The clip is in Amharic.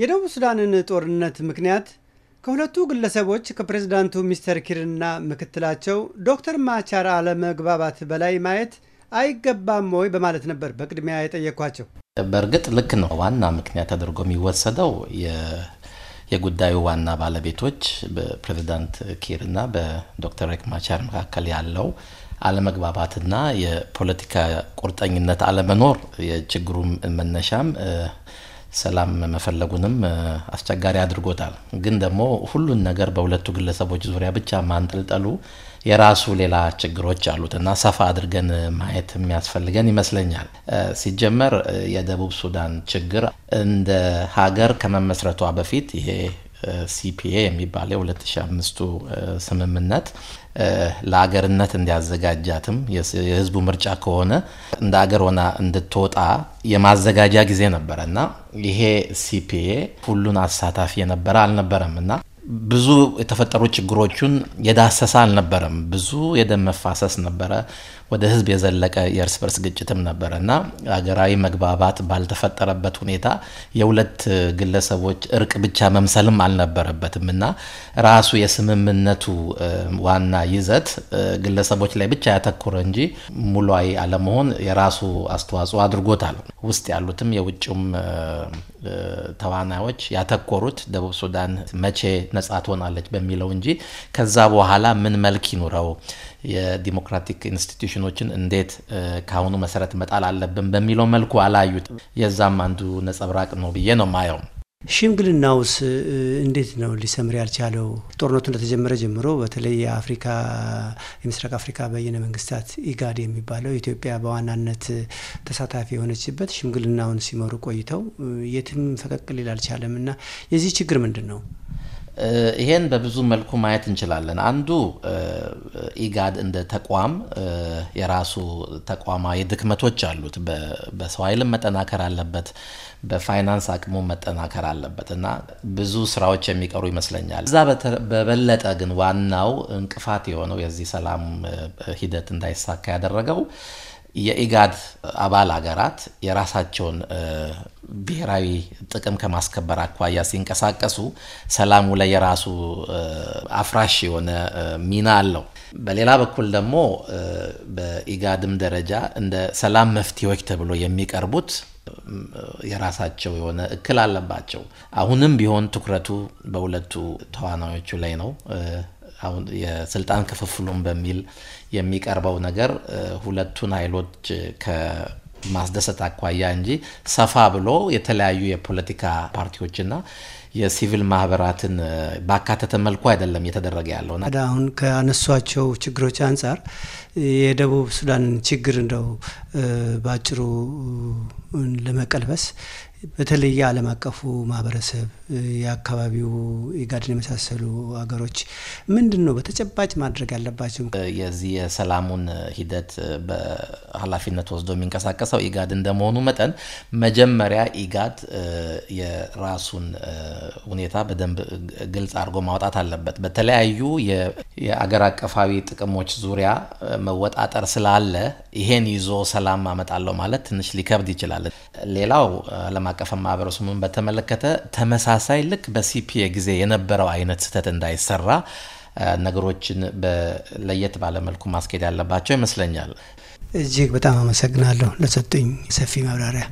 የደቡብ ሱዳንን ጦርነት ምክንያት ከሁለቱ ግለሰቦች ከፕሬዝዳንቱ ሚስተር ኪርና ምክትላቸው ዶክተር ማቻር አለመግባባት በላይ ማየት አይገባም ወይ በማለት ነበር በቅድሚያ የጠየኳቸው። በእርግጥ ልክ ነው። ዋና ምክንያት ተደርጎ የሚወሰደው የጉዳዩ ዋና ባለቤቶች በፕሬዝዳንት ኪርና በዶክተር ሬክ ማቻር መካከል ያለው አለመግባባትና የፖለቲካ ቁርጠኝነት አለመኖር የችግሩም መነሻም ሰላም መፈለጉንም አስቸጋሪ አድርጎታል። ግን ደግሞ ሁሉን ነገር በሁለቱ ግለሰቦች ዙሪያ ብቻ ማንጠልጠሉ የራሱ ሌላ ችግሮች አሉት እና ሰፋ አድርገን ማየት የሚያስፈልገን ይመስለኛል። ሲጀመር የደቡብ ሱዳን ችግር እንደ ሀገር ከመመስረቷ በፊት ይሄ ሲፒኤ የሚባለው የ2005ቱ ስምምነት ለአገርነት እንዲያዘጋጃትም የህዝቡ ምርጫ ከሆነ እንደ አገር ሆና እንድትወጣ የማዘጋጃ ጊዜ ነበረ እና ይሄ ሲፒኤ ሁሉን አሳታፊ የነበረ አልነበረም እና ብዙ የተፈጠሩ ችግሮቹን የዳሰሰ አልነበረም። ብዙ የደም መፋሰስ ነበረ፣ ወደ ህዝብ የዘለቀ የእርስ በርስ ግጭትም ነበረ እና ሀገራዊ መግባባት ባልተፈጠረበት ሁኔታ የሁለት ግለሰቦች እርቅ ብቻ መምሰልም አልነበረበትም እና ራሱ የስምምነቱ ዋና ይዘት ግለሰቦች ላይ ብቻ ያተኮረ እንጂ ሙሏዊ አለመሆን የራሱ አስተዋጽኦ አድርጎታል። ውስጥ ያሉትም የውጭም ተዋናዮች ያተኮሩት ደቡብ ሱዳን መቼ ነጻ ትሆናለች በሚለው እንጂ ከዛ በኋላ ምን መልክ ይኑረው፣ የዲሞክራቲክ ኢንስቲትዩሽኖችን እንዴት ከአሁኑ መሰረት መጣል አለብን በሚለው መልኩ አላዩት። የዛም አንዱ ነጸብራቅ ነው ብዬ ነው ማየው። ሽምግልናውስ እንዴት ነው ሊሰምር ያልቻለው? ጦርነቱ እንደተጀመረ ጀምሮ በተለይ የአፍሪካ የምስራቅ አፍሪካ በየነ መንግስታት ኢጋድ የሚባለው ኢትዮጵያ በዋናነት ተሳታፊ የሆነችበት ሽምግልናውን ሲመሩ ቆይተው የትም ፈቀቅ ሊል አልቻለም እና የዚህ ችግር ምንድን ነው? ይሄን በብዙ መልኩ ማየት እንችላለን። አንዱ ኢጋድ እንደ ተቋም የራሱ ተቋማዊ ድክመቶች አሉት። በሰው ኃይልም መጠናከር አለበት፣ በፋይናንስ አቅሙ መጠናከር አለበት እና ብዙ ስራዎች የሚቀሩ ይመስለኛል። እዛ በበለጠ ግን ዋናው እንቅፋት የሆነው የዚህ ሰላም ሂደት እንዳይሳካ ያደረገው የኢጋድ አባል ሀገራት የራሳቸውን ብሔራዊ ጥቅም ከማስከበር አኳያ ሲንቀሳቀሱ ሰላሙ ላይ የራሱ አፍራሽ የሆነ ሚና አለው። በሌላ በኩል ደግሞ በኢጋድም ደረጃ እንደ ሰላም መፍትሄዎች ተብሎ የሚቀርቡት የራሳቸው የሆነ እክል አለባቸው። አሁንም ቢሆን ትኩረቱ በሁለቱ ተዋናዮቹ ላይ ነው። አሁን የስልጣን ክፍፍሉን በሚል የሚቀርበው ነገር ሁለቱን ኃይሎች ከማስደሰት አኳያ እንጂ ሰፋ ብሎ የተለያዩ የፖለቲካ ፓርቲዎችና የሲቪል ማህበራትን ባካተተ መልኩ አይደለም እየተደረገ ያለው። አሁን ከአነሷቸው ችግሮች አንጻር የደቡብ ሱዳንን ችግር እንደው በአጭሩ ለመቀልበስ በተለይ የዓለም አቀፉ ማህበረሰብ የአካባቢው ኢጋድን የመሳሰሉ ሀገሮች ምንድን ነው በተጨባጭ ማድረግ ያለባቸው? የዚህ የሰላሙን ሂደት በኃላፊነት ወስዶ የሚንቀሳቀሰው ኢጋድ እንደመሆኑ መጠን መጀመሪያ ኢጋድ የራሱን ሁኔታ በደንብ ግልጽ አድርጎ ማውጣት አለበት። በተለያዩ የአገር አቀፋዊ ጥቅሞች ዙሪያ መወጣጠር ስላለ ይሄን ይዞ ሰላም አመጣለሁ ማለት ትንሽ ሊከብድ ይችላል። ሌላው ዓለም አቀፍ ማህበረሰቡን በተመለከተ ተመሳሳይ ልክ በሲፒኤ ጊዜ የነበረው አይነት ስህተት እንዳይሰራ ነገሮችን ለየት ባለመልኩ ማስኬድ ያለባቸው ይመስለኛል። እጅግ በጣም አመሰግናለሁ ለሰጡኝ ሰፊ ማብራሪያ።